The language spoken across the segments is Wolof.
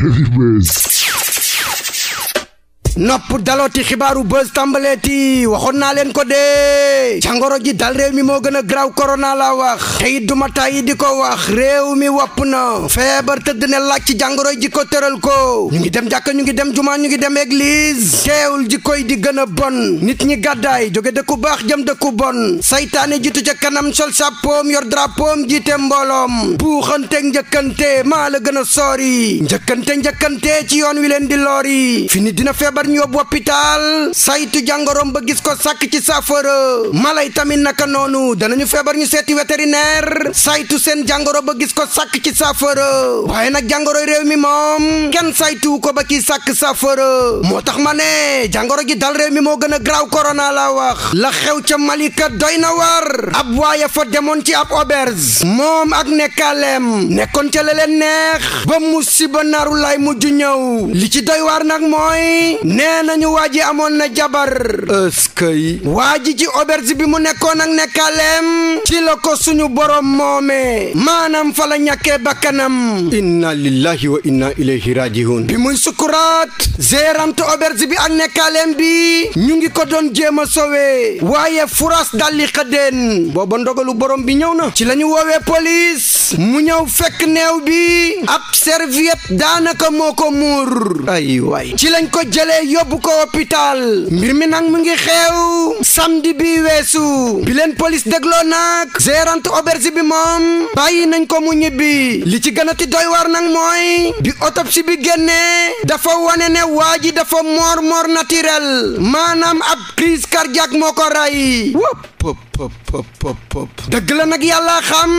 Heavyweight. nopp dalooti xibaaru buzz tàmbaleeti waxoon naa leen ko dee jàngoro ji dal réew mi moo gën a graw korona la wax tey duma tàyyi di ko wax réew mi wopp na feebar tëdd ne laaj ci jàngoro ji ko tëral ko ñu ngi dem jàkka ñu ngi dem jumaa ñu ngi dem église teewul ji koy di gën a bon nit ñi gàddaay jóge dëkku baax jëm dëkku bon saytaane jitu ca kanam sol sàppoom yor drapoom jiite mbooloom buuxanteeg njëkkante maa la gën a soori njëkkante njëkkante ci yoon wi leen di loori ñu yóbbu hôpital saytu jàngoroom ba gis ko sàkk ci saafara mala yi tamit naka noonu danañu feebar ñu seeti vétérinaire saytu seen jàngoro ba gis ko sàkk ci saafara waaye nag jàngoro réew mi moom kenn saytu ko ba kii sàkk saafara moo tax ma ne jàngoro ji dal réew mi moo gën a graaw corona la wax la xew ca Malika doy na war ab waaye fa demoon ci ab auberge moom ak nekkaaleem nekkoon ca la leen neex ba musiba naaru lay mujj ñëw li ci doy waar nag mooy nee nañu waa ji amoon na jabar ëskëy waa ji ci auberge bi mu nekkoon ak nekkaaleem ci la ko suñu borom moomee maanaam fala la bakkanam inna lillahi wa inna ilayhi rajiun bi muy sukuraat gérante auberge bi ak nekkaaleem bi ñu ngi ko doon jéem a sowee waaye furaas dalli xëddeen booba ndogalu borom bi ñëw na ci lañu ñu woowee mu ñëw fekk neew bi ab serviette daanaka moo ko muur ay waay ci lañ ko jëlee yóbbu ko hôpital mbir mi nag mu ngi xew di bi weesu bi leen police dégloo nag gérante auberge bi moom bàyyi nañ ko mu ñibbi li ci gën a ti doy war nag mooy bi autopsie bi génnee dafa wane ne waa ji dafa mort mort naturel maanaam ab crise cardiaque moo ko rey dëgg la nag yàlla xam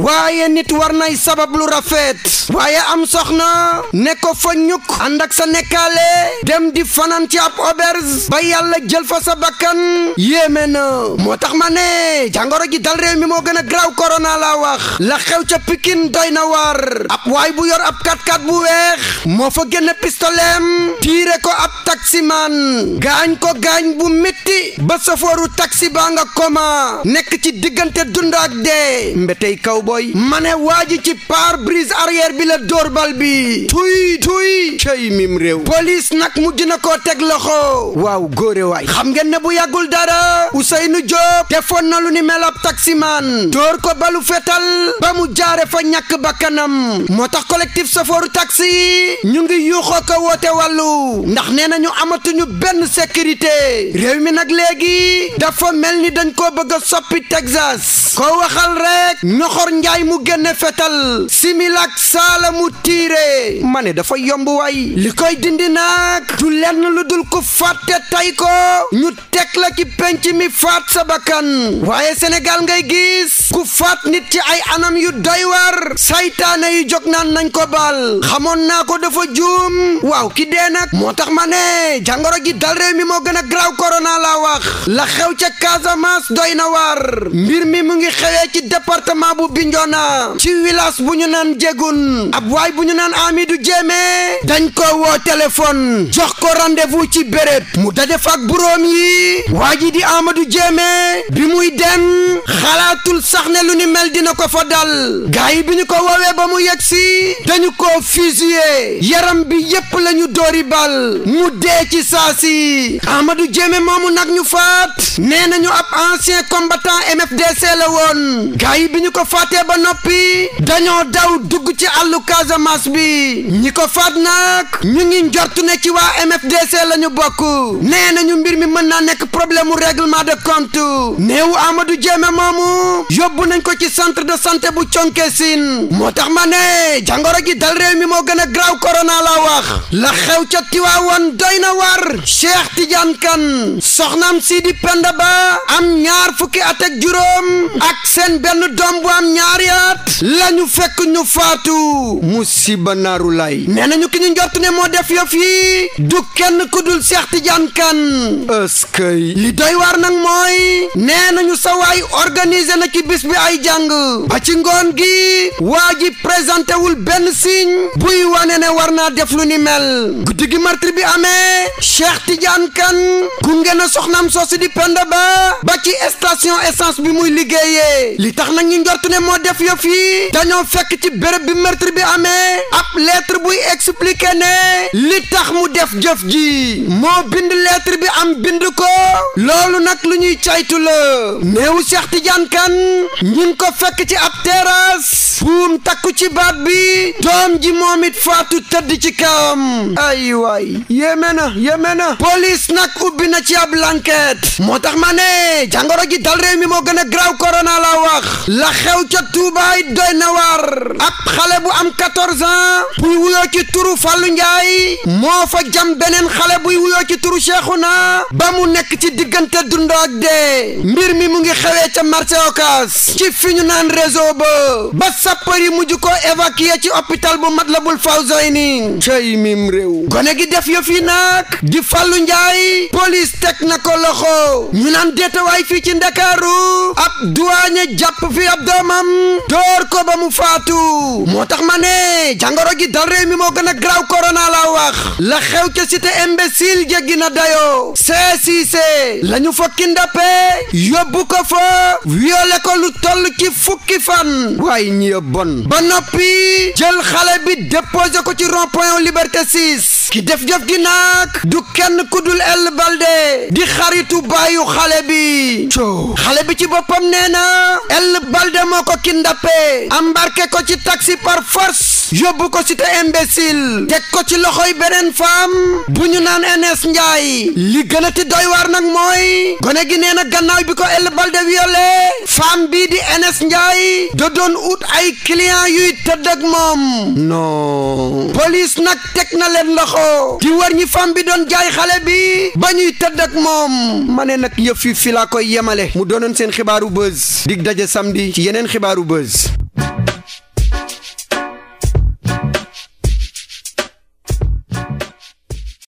waaye nit war nay sabab lu rafet waaye am soxna ne ko fa ñukk ànd sa nekkaale dem di fanaan ci ab auberge ba yàlla jël fa sa bakkan yéeme na moo tax ma ne jàngoro ji dal réew mi moo gën a graw korona laa wax la xew ca Pikine doy na war ab waay bu yor ab kat bu weex moo fa génne pistoleem tiire ko ab taximaan gaañ ko gaañ bu metti ba sofooru taxi baa nga koma ans nekk ci diggante dund ak dee mbetey cowboy ma ne waa ji ci pare-brise arrière bi la dóor bal bi tuy tuy cey mim réew police nag mujj na koo teg loxo waaw góore waay xam ngeen ne bu yàggul dara Ousseynou Diop defoon na lu ni mel ab taximan dóor ko balu fetal ba mu jaare fa ñàkk bakkanam moo tax collectif sofooru taxi ñu ngi yuuxoo ko woote wàllu ndax nee nañu amatuñu benn sécurité réew mi nag léegi dafa mel ni dañ koo bëgg nga soppi Texas ko waxal rek ñoxor njaay mu génne fetal similak saala mu tiire ma ne dafa yomb waay li koy dindi nag du lenn lu dul ku fàtte tay ko ñu teg la ci penc mi fat sa bakkan waaye Sénégal ngay gis ku faat nit ci ay anam yu doy war saytaane yi jóg naan nañ ko baal xamoon naa ko dafa juum waaw ki dee nag moo tax ma ne jàngoro ji dal réew mi moo gën a graw korona laa wax la xew ca Casamance doy na war mbir mi mu ngi ngi xewee ci département bu Bignona ci village bu ñu naan Jégun ab waay bu ñu naan du Jéeme dañ ko woo téléphone jox ko rendez ci béréb mu daje fa ak buróom yi waa ji di Amadou Jéeme bi muy dem xalaatul sax ne lu ni mel dina ko fa dal gaa yi bi ñu ko woowee ba mu yegg si dañu ko fusillé yaram bi yépp lañu doori bal mu dee ci saasi Amadou Jéeme moomu nag ñu faat nee nañu ab ancien combattant MFDC la woon gars yi bi ñu ko faatee ba noppi dañoo daw dugg ci àllu Casamance bi ñi ko faat nag ñu ngi njortu ne ci waa MFDC la bokk nee nañu mbir mi mën naa nekk problème mu règlement de compte néewu amadu Diémé moomu yóbbu nañ ko ci centre de sante bu Thionkesin moo tax ma ne jàngoro ji dal réew mi moo gën a graaw corona la wax la xew ca Tiwaawoon doy na war Cheikh Tidiane Kane soxnaam Sidi Penda ba am ñaar fukki at ak juróom ak seen benn doom bu am ñaari at la ñu fekk ñu faatu musiba naaru lay nee nañu ki ñu njort ne moo def yëf yi du kenn ku dul Cheikh Tidiane Kane ëskay li doy waar nag mooy nee nañu sa waay na ci bis bi ay jàng ba ci ngoon gi waa ji présenté wul benn signe buy wane ne war naa def lu ni mel guddi gi martir bi amee Cheikh Tidiane Kane gunge na soxnaam soosi di penda ba ba ci station essence bi muy liggéey yee li tax nag ñu njort ne moo def yëf yi dañoo fekk ci béréb bi meurtre bi amee ab lettre buy expliquer ne li tax mu def jëf ji moo bind lettre bi am bind ko loolu nag lu ñuy caytu la néewu Cheikh Tidiane Kane ñu ngi ko fekk ci ab terrasse buum takku ci baat bi doom ji moom it faatu tëdd ci kawam ay waay yéeme na yéeme na ubbi na ci ab l'enquête moo tax ma ne jàngoro ji dal réew mi moo gën a graw korona la wax la xew ca tuubaay doy na war ab xale bu am 14 ans buy wuyoo ci turu Fallou Ndiaye moo fa jam beneen xale buy wuyoo ci turu Cheikhouna ba mu nekk ci diggante dundoo ak dee mbir mi mu ngi xewee ca marché Ocass ci fi ñu naan réso ba sapeur yi mujj koo évacuer ci hôpital bu Matlaboul Fawzayni cay mim réew gone gi def yëf yi nag di Fallou Ndiaye police teg na ko loxo ñu naan déetawaay fii ci Ndakaaru ab douane jàpp fi ab doomam door ko ba mu faatu moo tax ma ne jàngoro gi dal réew mi moo gën a graw corona la wax la xew ca cité imbécile jéggi na dayoo CCC la ñu fa kindape yóbbu ko fa violé ko lu toll ci fukki fan waaye ya bon ba noppi jël xale bi déposé ko ci rond point liberté ki def jëf gi nag du kenn ku dul El Balde di xaritu baayu xale bi xale bi ci boppam nee na El Balde moo ko ki ndappe embarqué ko ci taxi par force yóbbu ko cité imbécile teg ko ci loxoy beneen femme bu ñu naan NS Ndiaye li gën a ti doy waar nag mooy gone gi nee na gannaaw bi ko El Balde violé femme bii di NS Ndiaye da doon ut ay client yuy tëdd ak moom non police nag teg na leen loxo di war ñi femme bi doon jaay xale bi ba ñuy tëdd ak moom ma ne nag yëf yi fi laa koy yemale mu doonoon seen xibaaru buzz dig daje samedi ci yeneen xibaaru buzz